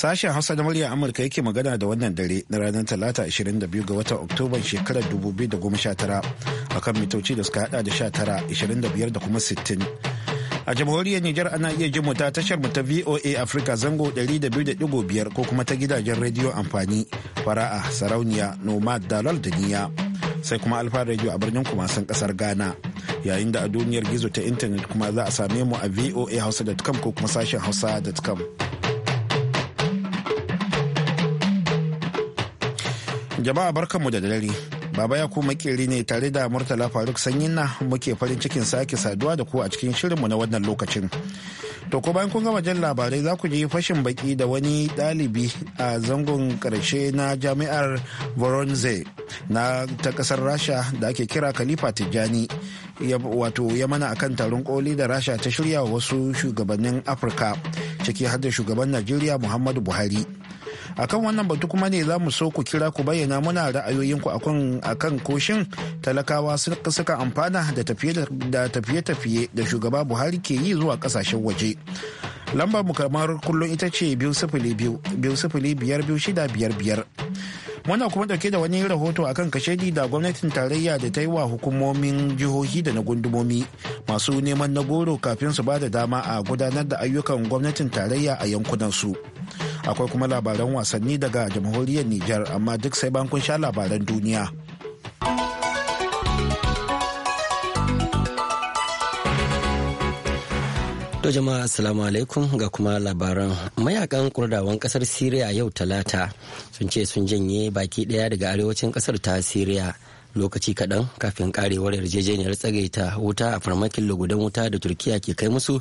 Sashen Hausa da murya Amurka yake magana da wannan dare na ranar Talata 22 ga watan Oktoban shekarar 2019 akan mitoci da suka hada da 19, 25 da kuma 60. A jamhuriyar Nijar ana iya jin mu ta tashar mu ta VOA Africa zango 200.5 ko kuma ta gidajen rediyo amfani fara'a sarauniya nomad dalal da niya sai kuma alfa rediyo a birnin kumasan kasar Ghana yayin da a duniyar gizo ta intanet kuma za a same mu a voa hausa.com ko kuma sashen hausa.com. Jama'a barkanmu da dare. Baba ya kuma makeri ne tare da Murtala Faruk na muke farin cikin sake saduwa da ku a cikin shirinmu na wannan lokacin. To ko bayan kun gama jan labarai za ku ji fashin baki da wani dalibi a zangon karshe na jami'ar Voronezh na ta kasar Rasha da ake kira Khalifa Tijjani. wato ya mana akan taron koli da rasha ta shirya wasu shugabannin afirka ciki har da shugaban najeriya muhammadu buhari akan wannan batu kuma ne za mu so ku kira ku bayyana muna ra'ayoyinku akan koshin talakawa suka amfana da tafiye-tafiye da shugaba buhari ke yi zuwa kasashen waje lambar mu kamar kullum ita ce biyu sifili biyu sifili biyar biyu shida biyar biyar muna kuma dauke da wani rahoto akan kashedi da gwamnatin tarayya da ta yi wa hukumomin jihohi da na gundumomi masu neman na goro kafin su ba da dama a gudanar da ayyukan gwamnatin tarayya a yankunansu. su akwai kuma labaran wasanni daga jamhuriyar Nijar amma duk sai ban kun sha labaran duniya. To jama'a assalamu alaikum ga kuma labaran mayakan kurdawan kasar Siriya yau talata sun ce sun janye baki daya daga arewacin kasar ta Siriya. lokaci kaɗan kafin karewar yarjejeniyar tsagaita wuta a farmakin lugudan wuta da turkiya ke kai musu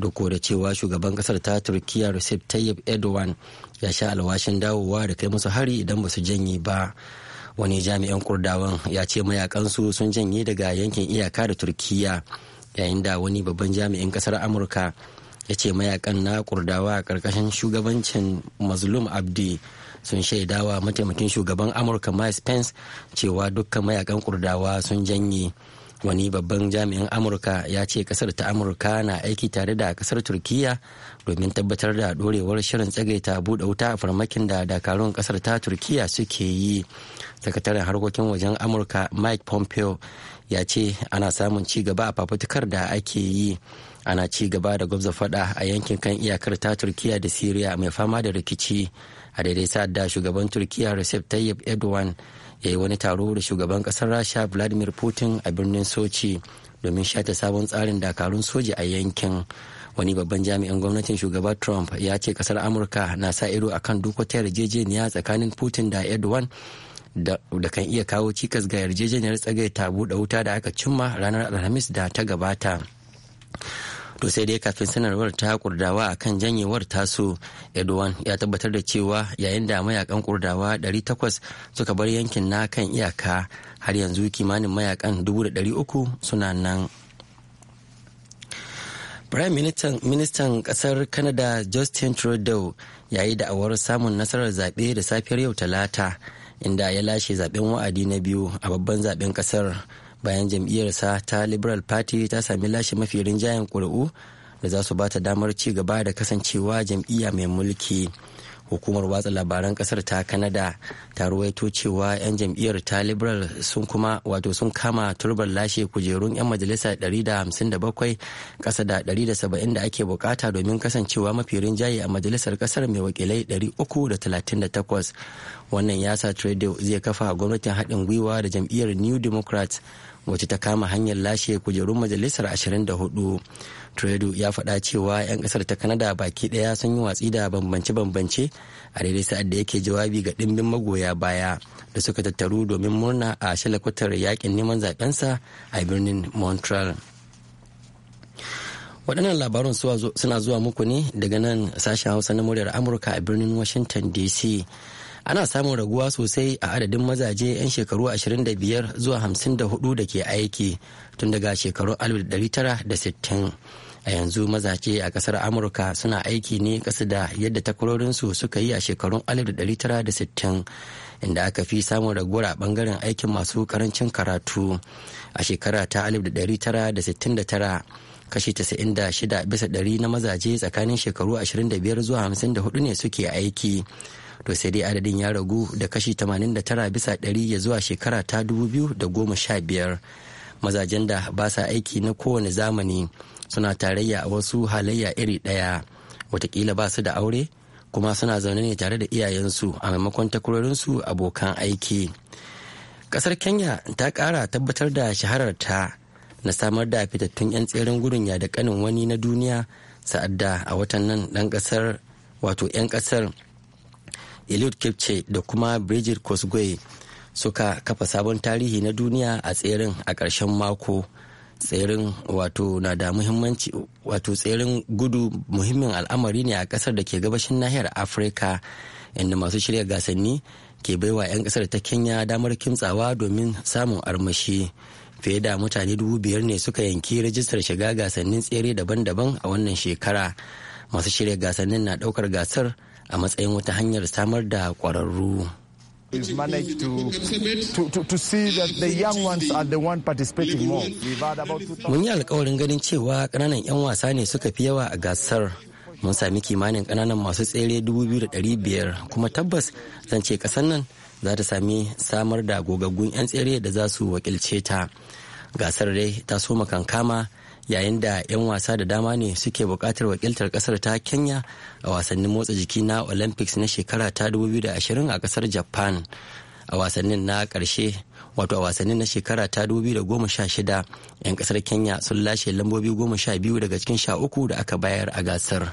doko da cewa shugaban kasar ta turkiya recep tayyip erdogan ya sha alwashin dawowa da kai musu hari idan ba su janye ba wani jami'an kurdawan ya ce mayakansu sun janye daga yankin iyaka da turkiya yayin da wani babban jami'in kasar amurka ya ce mayakan na kurdawa a ƙarƙashin shugabancin mazlum abdi sun shaidawa mataimakin shugaban amurka mike pence cewa dukkan mayakan kurdawa sun janye wani babban jami'in amurka ya ce kasar ta amurka na aiki tare da kasar turkiya domin tabbatar da dorewar shirin tsagaita buɗe wuta a farmakin da dakarun kasar ta turkiya suke yi sakataren harkokin wajen amurka mike pompeo ya ce ana samun ci gaba a fafutukar da ake yi ana ci gaba da gwabza fada a yankin kan iyakar ta turkiya da siriya mai fama da rikici a daidai sa'ad da shugaban turkiya recep tayyip erdogan ya yi wani taro da shugaban kasar rasha vladimir putin a birnin sochi domin shata sabon tsarin dakarun soji a yankin wani babban jami'in gwamnatin shugaba trump ya ce kasar amurka na sa ido akan duk wata yarjejeniya tsakanin putin da erdogan da kan iya kawo cikas ga yarjejeniyar tsagaita buɗe wuta da aka cimma ranar alhamis da ta gabata to sai dai kafin sanarwar ta kurdawa kan janyewar tasu edwan ya tabbatar da cewa yayin da mayakan kurdawa 800 suka bar yankin na kan iyaka har yanzu kimanin mayakan 300 suna nan prime minister ministan kasar canada justin trudeau ya yi da'awar samun nasarar zaɓe da safiyar yau talata inda ya lashe zaɓen wa'adi na biyu a babban zaɓen kasar bayan jam'iyyarsa ta liberal party ta sami lashe mafi rinjayen ƙuri'u da za su bata damar ci gaba da kasancewa jam'iyya mai mulki hukumar watsa labaran kasar ta kanada ta ruwaito cewa 'yan jam'iyyar ta liberal sun kuma wato sun kama turbar lashe kujerun 'yan majalisa 157 kasa da 170 da ake bukata domin kasancewa mafi rinjaye a majalisar kasar mai wakilai 338 wannan yasa sa zai kafa gwamnatin haɗin gwiwa da jam'iyyar new democrats wacce ta kama hanyar lashe kujerun majalisar 24 trudeau ya faɗa cewa 'yan ƙasar ta kanada baki ɗaya sun yi watsi da bambance-bambance a daidai sa'ad da yake jawabi ga ɗimbin magoya baya da suka tattaru domin murna a shalakwatar yakin neman zaɓensa a birnin montreal waɗannan labaran suna zuwa muku ne daga nan sashen hausa na muryar amurka a birnin washington dc ana samun raguwa sosai a adadin mazaje 'yan shekaru 25 zuwa 54 da ke aiki tun daga shekaru 1960 a yanzu mazaje a kasar amurka suna aiki ne kasu da yadda takwarorinsu suka yi a shekarun 1960 inda aka fi samun raguwar a bangaren aikin masu karancin karatu a shekara ta 1969 kashi 96 bisa 100 na mazaje tsakanin shekaru 25 zuwa 54 ne suke aiki to sai dai adadin ya ragu da kashi 89 bisa 100 ya zuwa shekara ta 2015 mazajen da ba sa aiki na kowane zamani suna tarayya a wasu halayya iri ɗaya watakila ba su da aure kuma suna zaune ne tare da iyayensu a maimakon takwarorinsu abokan aiki kasar kenya ta kara tabbatar da shahararta na samar da fitattun 'yan tseren gudun ya da kanin wani na duniya sa'adda a watan nan dan kasar wato 'yan kasar eliud kipce da kuma bridget kosgwe suka kafa sabon tarihi na duniya a tserin a ƙarshen mako tserin wato na da muhimmanci wato tserin gudu muhimmin al'amari ne a ƙasar da ke gabashin nahiyar afirka inda masu shirya gasanni ke baiwa 'yan ƙasar ta kenya damar kimtsawa domin samun armashi fiye da mutane dubu biyar ne suka yanki rajistar shiga gasannin tsere daban-daban a wannan shekara masu shirya gasannin na ɗaukar gasar a matsayin wata hanyar samar da ƙwararru. Mun yi alkawarin ganin cewa ƙananan 'yan wasa ne suka fi yawa a gasar. Mun sami kimanin ƙananan masu tsere 2,500 kuma tabbas zan ce ƙasar nan za ta sami samar da gogaggun 'yan tsere da za su wakilce ta. Gasar dai ta soma kankama yayin da 'yan wasa da dama ne suke bukatar wakiltar ƙasar ta kenya a wasannin motsa jiki na olympics na shekara ta 2020 a ƙasar japan a wasannin na ƙarshe wato a wasannin na shekara ta 2016 'yan ƙasar kenya sun lashe lambobi 12 daga cikin 13 da aka bayar a gasar.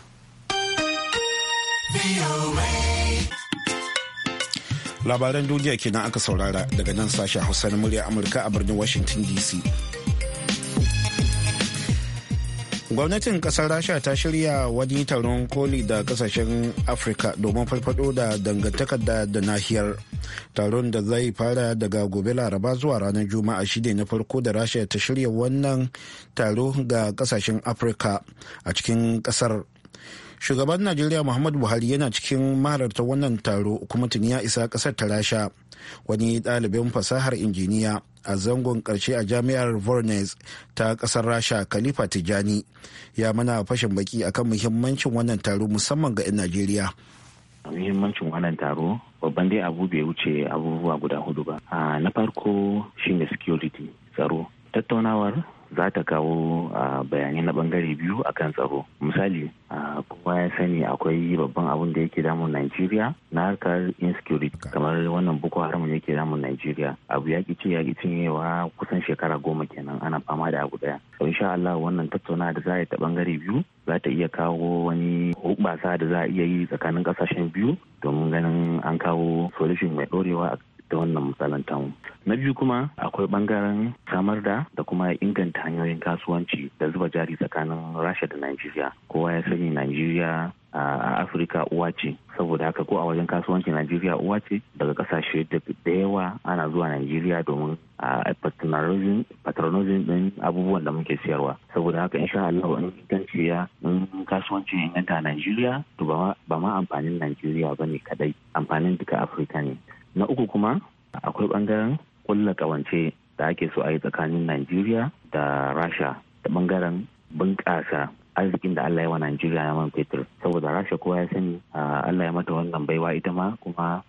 labaran duniya kenan aka saurara daga nan sashen hausa na murya amurka a birnin washington dc gwamnatin kasar rasha ta shirya wani taron koli da kasashen afirka domin farfado da dangantakar da da nahiyar taron da zai fara daga gobe laraba zuwa ranar juma'a shine na farko da rasha ta shirya wannan taro ga kasashen afirka a cikin kasar shugaban najeriya muhammad buhari yana cikin mahalartar wannan taro kuma tuni ya isa kasar ta rasha wani ɗalibin fasahar injiniya a zangon ƙarshe a jami'ar vornes ta ƙasar rasha khalifa tijani ya mana fashin baki akan muhimmancin wannan taro musamman ga 'yan najeriya muhimmancin wannan taro babban dai abu bai wuce abubuwa guda hudu ba ah, na farko shine security tsaro tattaunawar za ta kawo bayanai na bangare biyu a kan tsaro misali kowa ya sani akwai babban abin da yake damun Najeriya na harkar insecurity kamar wannan Boko Haram da yake damun Najeriya abu ya ce ya cinyewa kusan shekara goma kenan ana fama da abu daya in insha Allah wannan tattauna da za a yi ta bangare biyu za ta iya kawo wani hukbasa da za a iya yi tsakanin kasashen biyu domin ganin an kawo solution mai ɗorewa. da wannan matsalan tamu na biyu kuma akwai bangaren samar da da kuma inganta hanyoyin kasuwanci da zuba jari tsakanin rasha da najeriya kowa ya sani najeriya a afirka uwa ce saboda haka ko a wajen kasuwanci najeriya uwa ce daga kasashe da yawa ana zuwa najeriya domin a patronizing din abubuwan da muke siyarwa saboda haka insha Allah in inganci ya in kasuwanci inganta a najeriya to ba ma amfanin najeriya ba ne kadai amfanin duka afirka ne na uku kuma akwai bangaren kulla kawance da ake so a yi tsakanin najeriya da rasha da bangaren bunƙasa arzikin da allah ya wa najeriya na man fetur saboda rasha kowa ya sani allah ya mata wannan baiwa ita ma kuma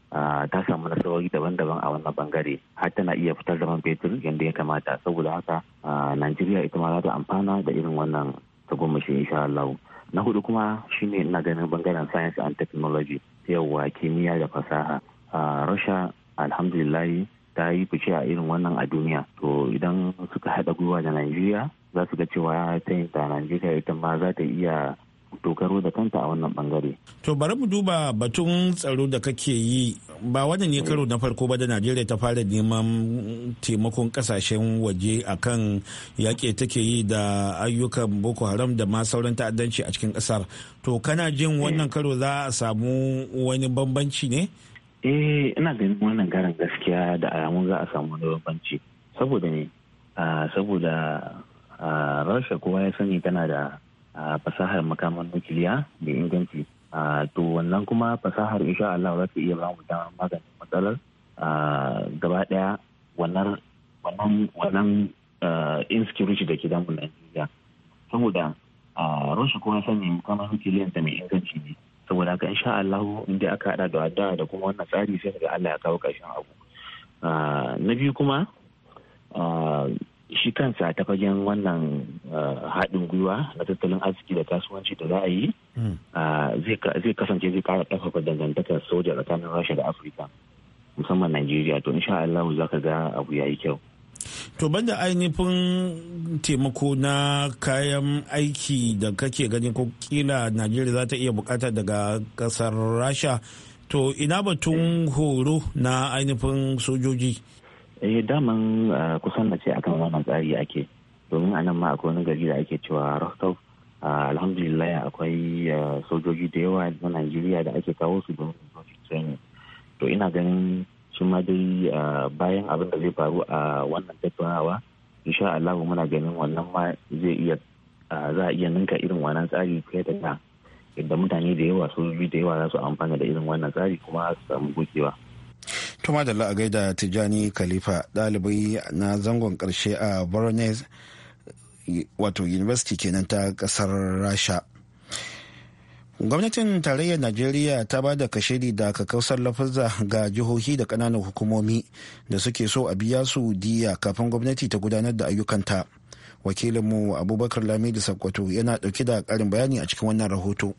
ta samu nasarori daban-daban a wannan bangare har tana iya fitar da man fetur yadda ya kamata saboda haka najeriya ita ma za ta amfana da irin wannan tagomashi insha Allah na hudu kuma shine ina ganin bangaren science and technology yauwa kimiyya da fasaha a rasha alhamdulillahi ta yi fice a irin wannan a duniya to idan suka haɗa gwiwa da najeriya za su ga cewa ta yi ta najeriya ita ma za ta iya dogaro da kanta a wannan bangare. To bari mu duba batun tsaro da kake yi ba wannan ne karo na farko ba da Najeriya ta fara neman taimakon kasashen waje akan yaƙi take yi da ayyukan Boko Haram da ma sauran ta'addanci a cikin ƙasar. To kana jin wannan karo za a samu wani bambanci ne eh ina ganin wannan garin gaskiya da alamun za a samu wani bambanci saboda ne ah, saboda ah, rasha kowa ya sani tana da ah, fasahar makaman nukiliya mai inganci to wannan kuma fasahar insha Allah za ta iya ba mu damar maganin matsalar gaba daya wannan wannan insecurity da ke damun Najeriya saboda rasha kowa ya sani makaman nukiliyan ta mai inganci ne saboda haka insha Allah dai aka hada da addu'a da kuma wannan tsari sai ga Allah ya kawo ƙarshen abu ah, na biyu kuma ah, shi kansa ta fagen wannan ah, haɗin gwiwa na tattalin arziki da kasuwanci da za a yi hmm. zai kasance zai ƙara ƙarfafa dangantakar soja tsakanin rasha da afirka musamman najeriya to insha Allah za ka ga abu ya yi kyau to banda ainihin taimako na kayan aiki da kake gani ko kila najeriya za ta iya bukata daga kasar rasha to ina batun horo na ainihin sojoji eh daman ah, kusan na ce akan wannan tsari ake domin a nan ma akwai wani gari da ake cewa rostov ah, alhamdulillah akwai ah, sojoji da yawa na najeriya da ake kawo su domin to ina ganin shi ma dai bayan abin da zai faru a wannan tattaunawa insha Allah muna ganin wannan ma zai iya za a iya ninka irin wannan tsari fiye da ta yadda mutane da yawa sojoji da yawa za su amfana da irin wannan tsari kuma su samu gogewa. tuma da la'a gaida tijjani khalifa ɗalibai na zangon ƙarshe a borneo wato university kenan ta ƙasar rasha gwamnatin tarayyar najeriya ta ba da kashiri da kakausar lafazza ga jihohi da kananan hukumomi da suke so a biya su diya kafin gwamnati ta gudanar da ayyukanta wakilinmu abubakar lamidu sakkwato yana dauke da karin bayani a cikin wannan rahoto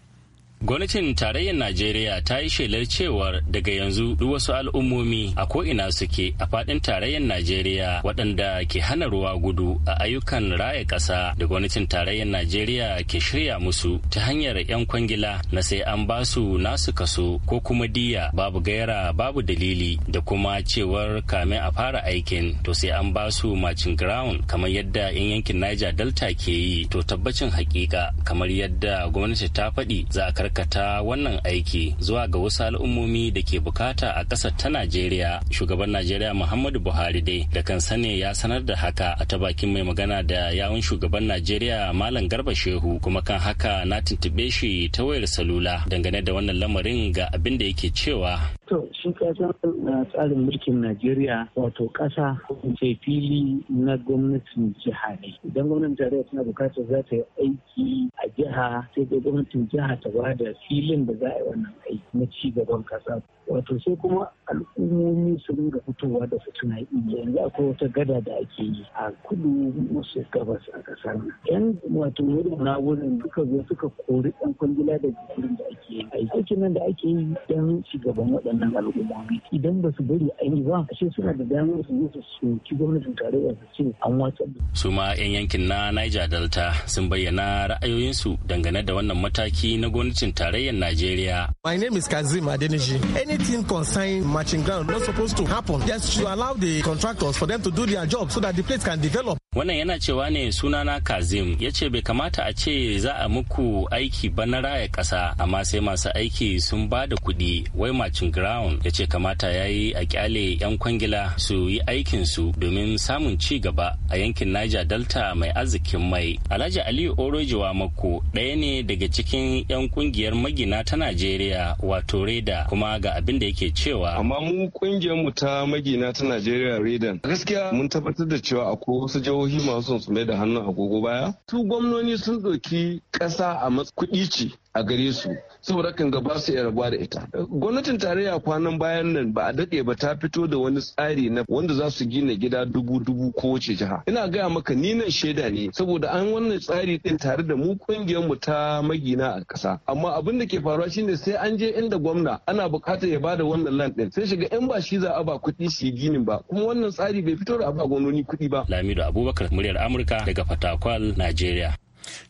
Gwamnatin tarayyar Najeriya ta yi shelar cewar daga yanzu duk wasu al'ummomi a ko'ina suke a faɗin tarayyar Najeriya waɗanda ke hana ruwa gudu a ayyukan raya ƙasa da gwamnatin tarayyar Najeriya ke shirya musu ta hanyar 'yan kwangila na sai an ba su nasu kaso ko kuma diya babu gaira babu dalili da kuma cewar kamin a fara aikin to sai an ba su macin ground kamar yadda 'yan yankin Niger Delta ke yi to tabbacin hakika kamar yadda gwamnati ta faɗi za a karkata wannan aiki zuwa ga wasu al'ummomi da ke bukata a ƙasar ta najeriya shugaban najeriya muhammadu buhari dai da kan sani ya sanar da haka a ta bakin mai magana da yawun shugaban najeriya malam garba shehu kuma kan haka na tuntuɓe shi ta wayar salula dangane da wannan lamarin ga abin da yake cewa To shi kasan eh, tsarin mulkin Najeriya wato ƙasa ce fili na gwamnatin jiha ne. Idan gwamnatin tarayya tana bukatar za ta yi aiki a jiha sai dai gwamnatin jiha ta ba da filin da za a yi wannan aiki na ci gaban ƙasar. wato sai kuma al'ummomi su ringa fitowa da su yi yanzu akwai wata gada da ake yi a kudu musu gabas a kasar yan wato wurin na wurin duka zo suka kori yan kwangila da jikin da ake yi aikin nan da ake yi dan shugaban waɗannan al'ummomi idan ba su bari a yi ba ce suna da damar su yi su soki gwamnatin tarayya su ce an watsa su ma yan yankin na Niger Delta sun bayyana ra'ayoyinsu dangane da wannan mataki na gwamnatin tarayyar Najeriya. My name is Kazim Adeniji. anything concerning matching ground not supposed to happen. Just to allow the contractors for them to do their job so that the place can develop. wannan yana cewa ne sunana kazim ya ce bai kamata a ce za a muku aiki ba na raya ƙasa amma sai masu aiki sun ba da kuɗi wai macin ground ya ce kamata ya yi a kyale 'yan kwangila su yi aikinsu domin samun ci gaba a yankin niger delta mai arzikin mai alhaji aliyu wa mako ɗaya ne daga cikin 'yan kungiyar magina ta najeriya wato reda kuma ga abin da yake cewa amma mu kungiyar ta magina ta najeriya reda gaskiya mun tabbatar da cewa akwai wasu jihohi masu son su mai da hannun agogo baya su gwamnoni sun ɗauki ƙasa a kuɗi ce a gare su saboda kan ga ba su iya rabuwa da ita gwamnatin tarayya kwanan bayan nan ba a dade ba ta fito da wani tsari na wanda za su gina gida dubu dubu ko wace jiha ina gaya maka ni nan shaida ne saboda an wannan tsari din tare da mu kungiyar mu ta magina a ƙasa amma abin da ke faruwa shine sai an je inda gwamna ana buƙatar ya bada wannan land din sai shiga yan ba shi za a ba kuɗi su yi ginin ba kuma wannan tsari bai fito da a ba gwamnoni kuɗi ba lamido abubakar muryar amurka daga fatakwal najeriya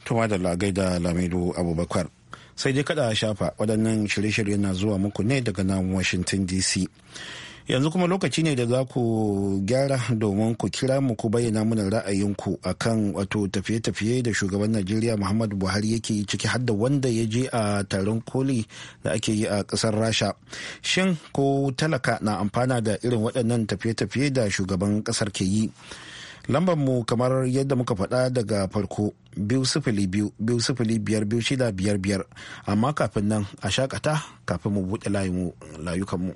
Tuma da lagai da lamido abubakar sai dai kada a shafa waɗannan shirye-shirye na zuwa muku ne daga nan washington dc yanzu kuma lokaci ne da za ku gyara domin ku kira mu ku bayyana mana ra'ayinku kan wato tafiye-tafiye da shugaban najeriya muhammadu buhari yake yi ciki hadda wanda ya je a taron koli da ake yi a ƙasar rasha shin ko talaka na amfana da irin waɗannan tafiye-tafiye da shugaban ƙasar ke yi lambar mu kamar yadda muka faɗa daga farko biyu sifili biyu biyu sifili biyar biyu shida biyar biyar amma kafin nan a shakata kafin mu buɗe layukanmu.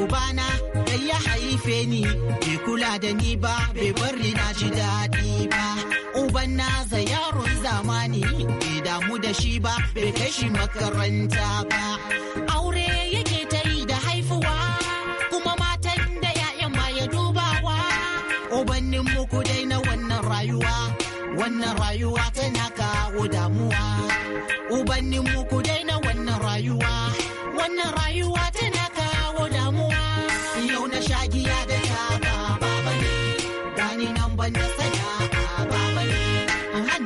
Ubana da ya haife ni, bai kula da ni ba, bai bari na ji daɗi ba. nasa yaron zamani bai damu da shi ba bai kai shi makaranta ba aure yake ta yi da haifuwa kuma matan da ya'yan ma ya dubawa obannin muku dai na wannan rayuwa wannan rayuwa tana kawo damuwa ubannin muku dai na wannan rayuwa wannan rayuwa tana kawo damuwa yau na shagiya da ta ba baba ne gani nan ban da I'm Magnum.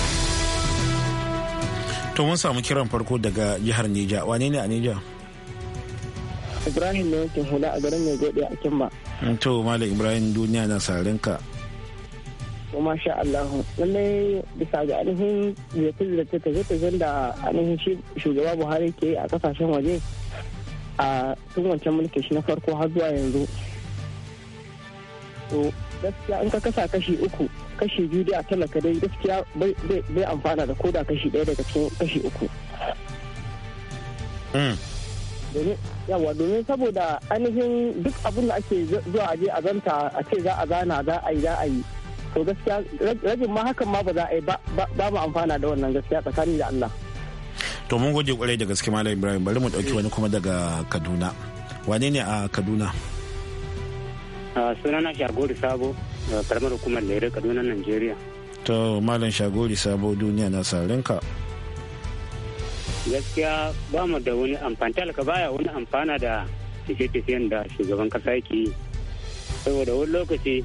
to mun samu kiran farko daga jihar neja wane ne a neja ibrahim ne hula a garin mai gode a kimba mm, to malam ibrahim duniya na sarin ka kuma sha allahu lallai bisa ga ainihin zirce-zirce tafiye-tafiyen da ainihin shugaba buhari ke a kasashen waje a tun wancan mulki shi na farko har zuwa yanzu to gaskiya in ka kasa kashi uku kashi biyu dai a talaka dai gaskiya bai amfana da koda kashi ɗaya daga cikin kashi uku. Hmm. yawa domin saboda ainihin duk abin da ake zuwa aje a zanta a ce za a zana za a yi za a yi to gaskiya rajin ma hakan ma ba za a yi ba mu amfana da wannan gaskiya tsakani da Allah. to mun gode kwarai da gaske malam ibrahim bari mu dauki wani kuma daga kaduna wane ne a kaduna ah, sunana shagori sabo karamar hukumar lere kaduna najeriya to malam shagori sabo duniya na sarinka gaskiya ba mu da wani amfani talaka baya wani amfana da tafiye tafiyan da shugaban kasa yake yi saboda wani lokaci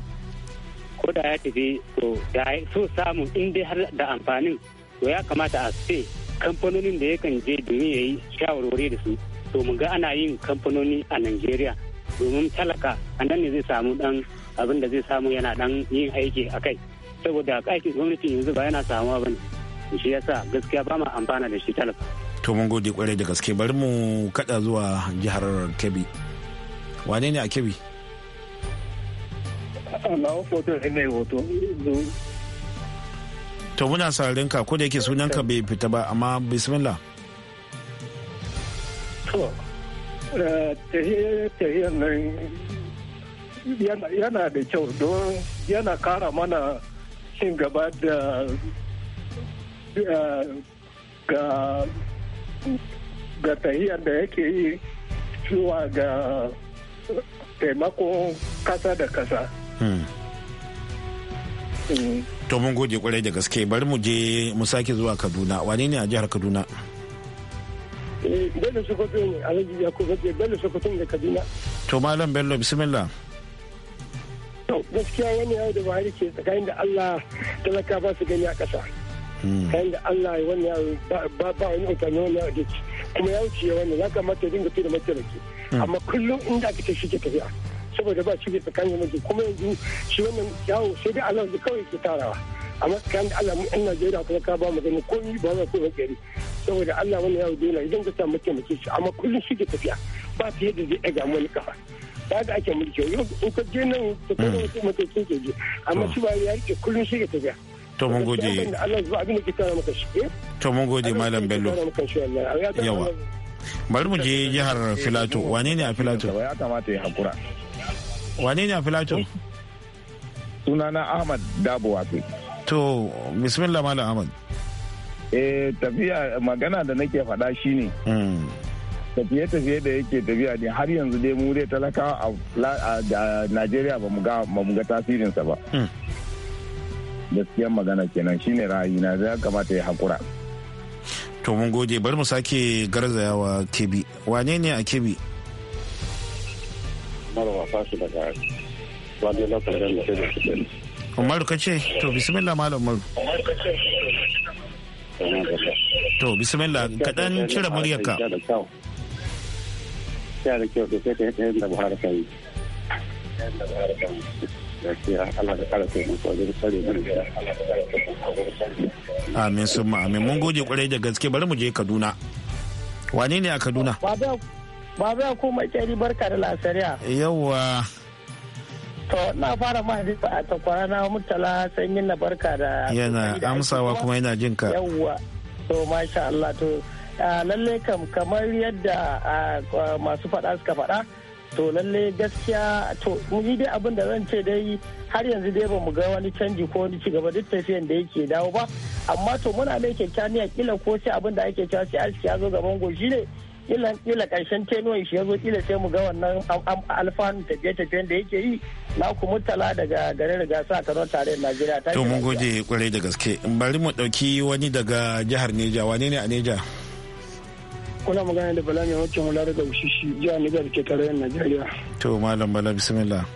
ko da ya tafi to da so samu in dai har da amfanin to ya kamata a ce kamfanonin da yakan je domin ya yi shawarwari da su to mu ga ana yin kamfanoni a Najeriya domin talaka a nan ne zai samu dan abin da zai samu yana dan yin aiki a kai saboda aikin gwamnati yanzu ba yana samuwa ba ne shi yasa gaskiya ba ma amfana da shi talaka. to mun gode kwarai da gaske bari mu kada zuwa jihar kebbi wane ne a kebbi. hoto to muna sararin ka ko da yake sunan ka bai fita ba amma bismillah to eh, tahiyar nan yana da kyau don yana kara mana cin gaba da eh, ga ga tahiyar da yake yi zuwa ga taimakon kasa da kasa. Hmm. Hmm. To mun gode kwarai da gaske bari mu je mu sake zuwa Kaduna wane ne a jihar Kaduna? Eh, Bello Sokoto ne Alhaji Yakubu Bello Sokoto ne Kaduna. To Malam Bello bismillah. to gaskiya wani yawo da buhari ke tsakanin da allah talaka ba su gani a kasa hmm. kayan da allah ya wani yawon ba wani mutane wani yawon da ke kuma ya wuce wani ya kamata dinga fi da mataimaki hmm. amma kullum inda aka ce shi ke tafiya saboda ba shi ke tsakanin mutum kuma yanzu shi wannan yawon sai dai allah da kawai ke tarawa amma tsakanin da allah yan najeriya kuma ka ba mu gani ko ba za ku gari saboda allah wani yawon dole idan ka samu mataimaki shi amma kullum shi ke tafiya ba fiye da zai ɗaga wani kafa. ba ake mulki yau in ka je nan ta kuma mm. wasu matakin je amma shi ba ya rike kullum shi ke tafiya to mun gode Allah zuwa abin da ke tara maka shi eh? to mun gode malam bello yawa bari mu je jihar filato wane ne a filato ya kamata ya hakura wane ne a filato sunana ahmad dabo wato to bismillah malam ahmad eh tafiya magana da nake faɗa shine mm. tafiye-tafiye da yake tafiya ne har yanzu dai mu dai talaka a najeriya ba mu ga tasirinsa ba hmm. gaskiyar magana kenan shine na zai kamata ya hakura to mun gode bari mu sake garzayawa kebi wane ne a kebi Marwa fasu daga wani lokacin da ke umaru ka ce to bismillah malam umaru to bismillah kaɗan cire muryarka gaskiya da kyau sosai ta yadda buhari kan yi Amin sun ma amin mun goje kwarai da gaske bari mu je Kaduna. Wane ne a Kaduna? Babu ya mai kyari barka da lasariya. Yawwa. To na fara ma a takwara na mutala sanyin na barka da. Yana amsawa kuma yana jinka. Yawwa. To masha Allah to Ah, lalle kam kamar yadda ah, ah, masu faɗa suka faɗa to lalle gaskiya to ni dai abin da zan ce dai har yanzu dai ba mu ga wani canji ko wani ci gaba duk tafiyan da yake dawo ba amma to muna mai kyakkyaniya kila ko sai abin da ake cewa sai arziki ya zo gaban goshi ne kila kila karshen tenuwan shi ya zo kila sai mu ga wannan alfanu tafiye-tafiyen da yake yi na ku mutala daga garin gasa a Kano da Najeriya. To mun gode kwarai da gaske bari mu ɗauki wani daga jihar Neja wane ne a Neja? kuna magana da bala mai wakil mula daga ushishi jihar da ke tarayyar najeriya to malam bala bismillah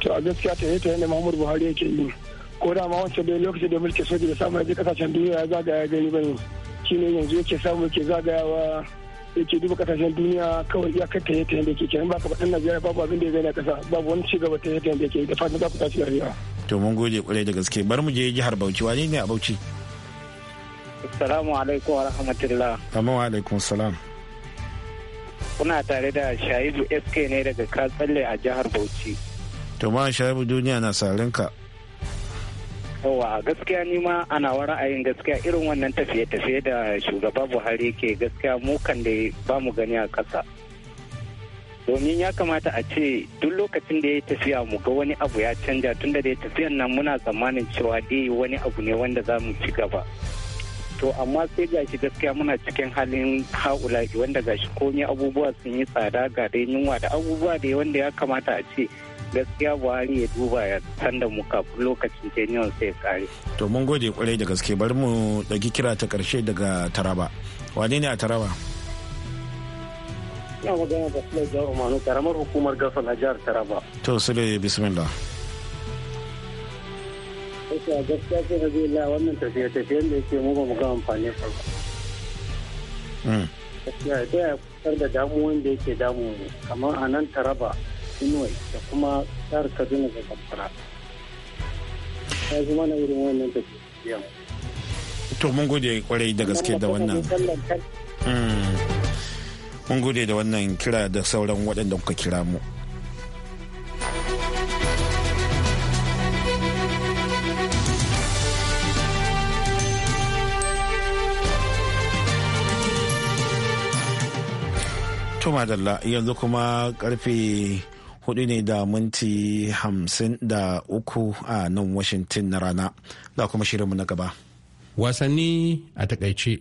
to a gaskiya ta ta yadda muhammadu buhari yake yi ko da ma wancan bai lokacin da mulki soji da samun yaji kasashen duniya ya zagaya gani bane shine yanzu yake samu yake zagayawa yake duba kasashen duniya kawai ya kai ta yadda yadda yake kenan ka faɗin najeriya babu abin da ya gani kasa babu wani cigaba ta yadda yadda yake da fatan za ku tashi rayuwa to mun gode kwarai da gaske bar mu je jihar bauchi wani ne a bauchi Assalamu alaikum wa rahmatullah. Amma wa alaikum salam. Kuna tare da Shaibu SK ne daga Katsalle a jihar Bauchi. To ma Shaibu duniya na sarinka. Yawa gaskiya ni ma ana wa ra'ayin gaskiya irin wannan tafiye-tafiye da shugaba Buhari ke gaskiya mu kan da ba mu gani a ƙasa. domin ya kamata a ce duk lokacin da ya yi tafiya mu ga wani abu ya canja tunda da ya tafiyan nan muna tsammanin cewa dai wani abu ne wanda za mu ci gaba. to amma sai gashi gaskiya muna cikin halin haula wanda gashi komai abubuwa sun yi tsada ga dai yunwa da abubuwa da wanda ya kamata a ce gaskiya buhari ya duba ya san da mu kafin lokacin janyon sai kare to mun gode kwarai da gaske bari mu ɗauki kira ta karshe daga taraba wane ne a taraba ina magana da sulai jawar manu karamar hukumar gafal a jihar taraba to sulai bismillah to a gaskiya sai ka zai la wannan tafiye-tafiyen da yake mu ba mu ga amfani ba. Hmm. Gaskiya ta ya kusa da damuwan da yake damu kamar a nan taraba inuwai da kuma tsar kaduna da kamfara. Ya zama na irin wannan tafiye-tafiyen. To mun gode kwarai da gaske da wannan. Hmm. Mun gode da wannan kira da sauran waɗanda kuka kira mu. To madalla yanzu kuma karfe hudu ne da minti hamsin da uku a nan Washington na rana da kuma shirinmu na gaba. Wasanni a takaice.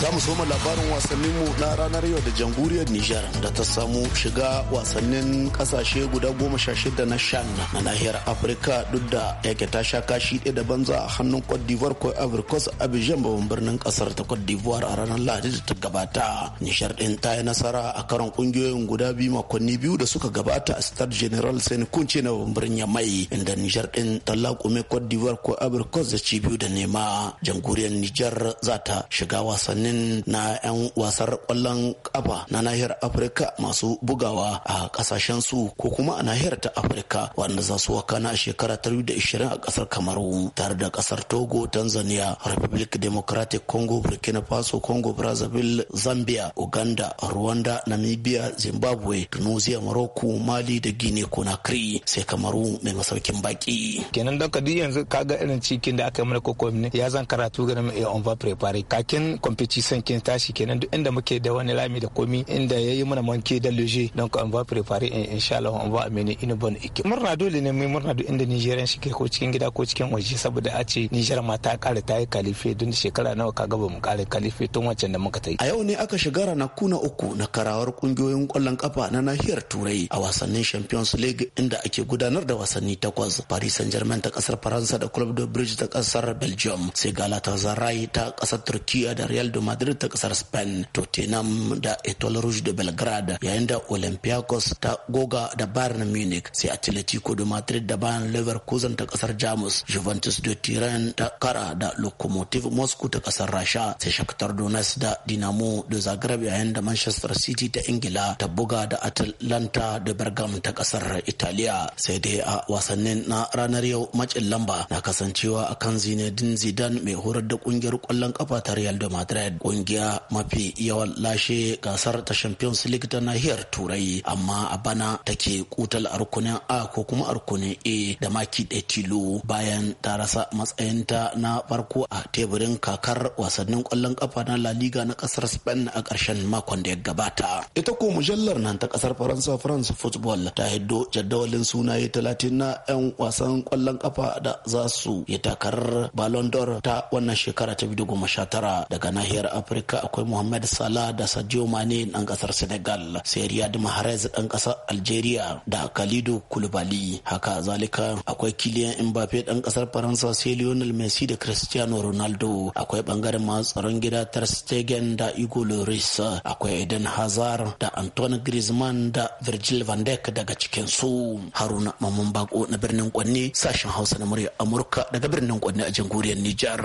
Za mu soma labarin wasanninmu na ranar yau da jamhuriyar Nijar da ta samu shiga wasannin kasashe guda goma sha shida na shan na nahiyar Afirka duk da yake ta sha kashi ɗaya da banza a hannun Cote d'Ivoire ko Ivory Coast Abidjan babban birnin kasar ta Cote d'Ivoire a ranar Lahadi da ta gabata. Nijar ɗin ta yi nasara a karon ƙungiyoyin guda biyu makonni biyu da suka gabata a Stade General Sani Kunce na babban birnin Yamai inda Nijar ɗin ta laƙume Cote d'Ivoire ko Ivory da ci biyu da nema. Jamhuriyar Nijar za ta shiga wasannin tsakanin na 'yan wasar kwallon kafa na nahiyar afirka masu bugawa a kasashen su ko kuma a nahiyar ta afirka wanda za su waka a shekara 2020 a kasar kamaru tare da kasar togo tanzania republic democratic congo burkina faso congo brazzaville zambia uganda rwanda namibia zimbabwe tunisia morocco mali da guinea conakry sai kamaru mai masaukin baki kenan da yanzu kaga irin cikin da aka yi mana kokomi ya zan karatu ganin eh, on va prepare kakin competition shi san kin tashi kenan duk inda muke da wani lami da komi inda yayi mana manke da loje don ko an ba prepare in insha Allah an ba amene ina bon ikke murna dole ne mu murna duk inda Nigerian shike ko cikin gida ko cikin waje saboda a ce Niger ma ta kare ta yi kalife don shekara nawa kaga ba mu kare kalife tun wancan da muka ta yi a yau ne aka shiga rana na uku na karawar kungiyoyin kwallon kafa na nahiyar Turai a wasannin Champions League inda ake gudanar da wasanni takwas Paris Saint-Germain ta kasar Faransa da Club de Brugge ta kasar Belgium sai Galatasaray ta kasar Turkiya da Real Madrid madrid ta kasar spain tottenham da etoile rouge de belgrade yayin da olympiacos ta goga da bayern munich sai atletico de madrid da Bayern leverkusen ta kasar jamus juventus da turin ta kara da lokomotiv moscow ta kasar rasha sai shakhtar donetsk da dinamo da zagreb yayin da manchester city ta ingila ta buga da Atalanta da bergam ta kasar italiya sai dai a wasannin na ranar yau matsin lamba na kasancewa a akan zinedine zidane mai horar da kungiyar kwallon kafa ta real de madrid kungiya mafi yawan lashe gasar ta champions league ta nahiyar turai amma a bana take kutal arkunin a ko kuma arkunin a da maki ɗaya tilo bayan ta rasa matsayinta na farko a teburin kakar wasannin kwallon kafa na la liga na kasar spain a karshen makon da ya gabata ita ko mujallar nan ta kasar faransa france football ta hiddo jadawalin sunaye talatin na 'yan wasan kwallon kafa da za su yi takarar ballon d'or ta wannan shekara ta 2019 daga nahiyar afirka akwai muhammad salah da sadio mane dan kasar senegal sai riyad mahrez dan kasar algeria da khalidu kulubali haka zalika akwai kiliyan mbappe dan kasar faransa sai lionel messi da cristiano ronaldo akwai bangaren masu tsaron gida ter stegen da igor loris akwai eden hazard da antoine griezmann da virgil van dijk daga cikin su haruna mamman bako na birnin kwanne sashen hausa na murya amurka daga birnin kwanne a jamhuriyar nijar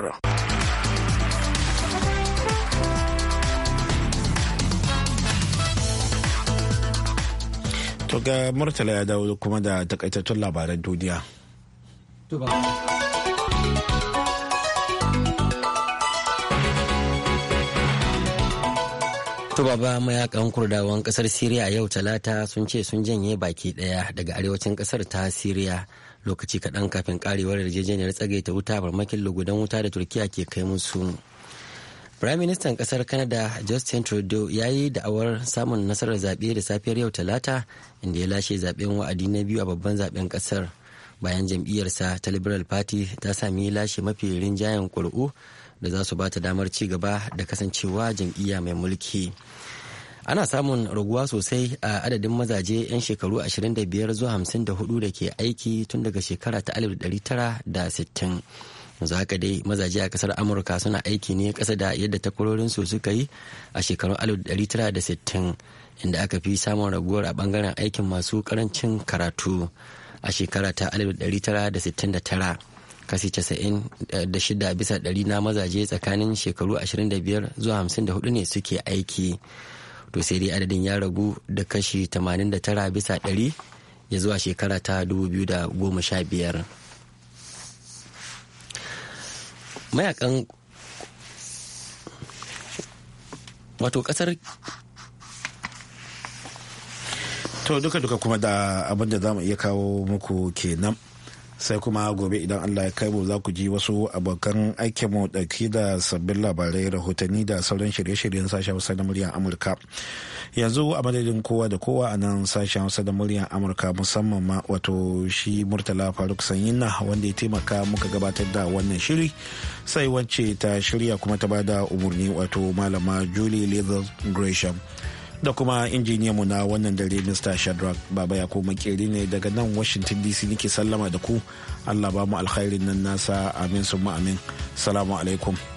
To ga Murtala ya dawo kuma da takaitattun labaran duniya. Tubaba mayakan kurdawan kasar Siriya yau talata sun ce sun janye baki daya daga arewacin kasar ta Siriya lokaci kaɗan kafin karewar yarjejeniyar tsagaita wuta farmakin lugudan wuta da Turkiya ke kai musu. Prime ƙasar kasar Canada Justin Trudeau ya yi da'awar samun nasarar zaɓe da safiyar yau Talata inda ya lashe zaɓen wa'adi na biyu a babban zaɓen ƙasar bayan jam'iyyarsa ta Liberal Party ta sami lashe mafi rinjayen ƙuri'u da za su ba ta damar ci gaba da kasancewa jam'iyya mai mulki. ana samun raguwa sosai a adadin mazaje 'yan shekaru 25 zuwa 54 da ke aiki tun daga shekara ta 1960 yanzu haka dai mazaje a kasar amurka suna aiki ne kasa da yadda takwarorinsu suka yi a shekarun 1960 inda aka fi samun raguwar a bangaren aikin masu karancin karatu a shekara ta 1969 kasi 96 bisa ɗari na mazaje tsakanin shekaru 25 zuwa 54 ne suke aiki to sai dai adadin ya ragu da kashi 89 bisa 100 ya zuwa shekara ta 2015 mayakan wato kasar to duka-duka kuma da abin da za mu iya kawo muku kenan sai kuma gobe idan allah ya kai mu za ku ji wasu abokan aikinmu ɗauki da sabbin labarai rahotanni da sauran shirye-shiryen sashen wasu na muryar amurka yanzu a madadin kowa da kowa a nan sashen hausa da muryar amurka musamman ma wato shi murtala faruk sanyinna wanda ya taimaka muka gabatar da wannan shiri sai wacce ta shirya kuma ta bada umarni wato malama julie lethal gresham da kuma mu na wannan dare mr shadrack baba ya koma kere ne daga nan washington dc nake sallama da ku allah ba mu alkhairin nan nasa amin summa amin salamu alaikum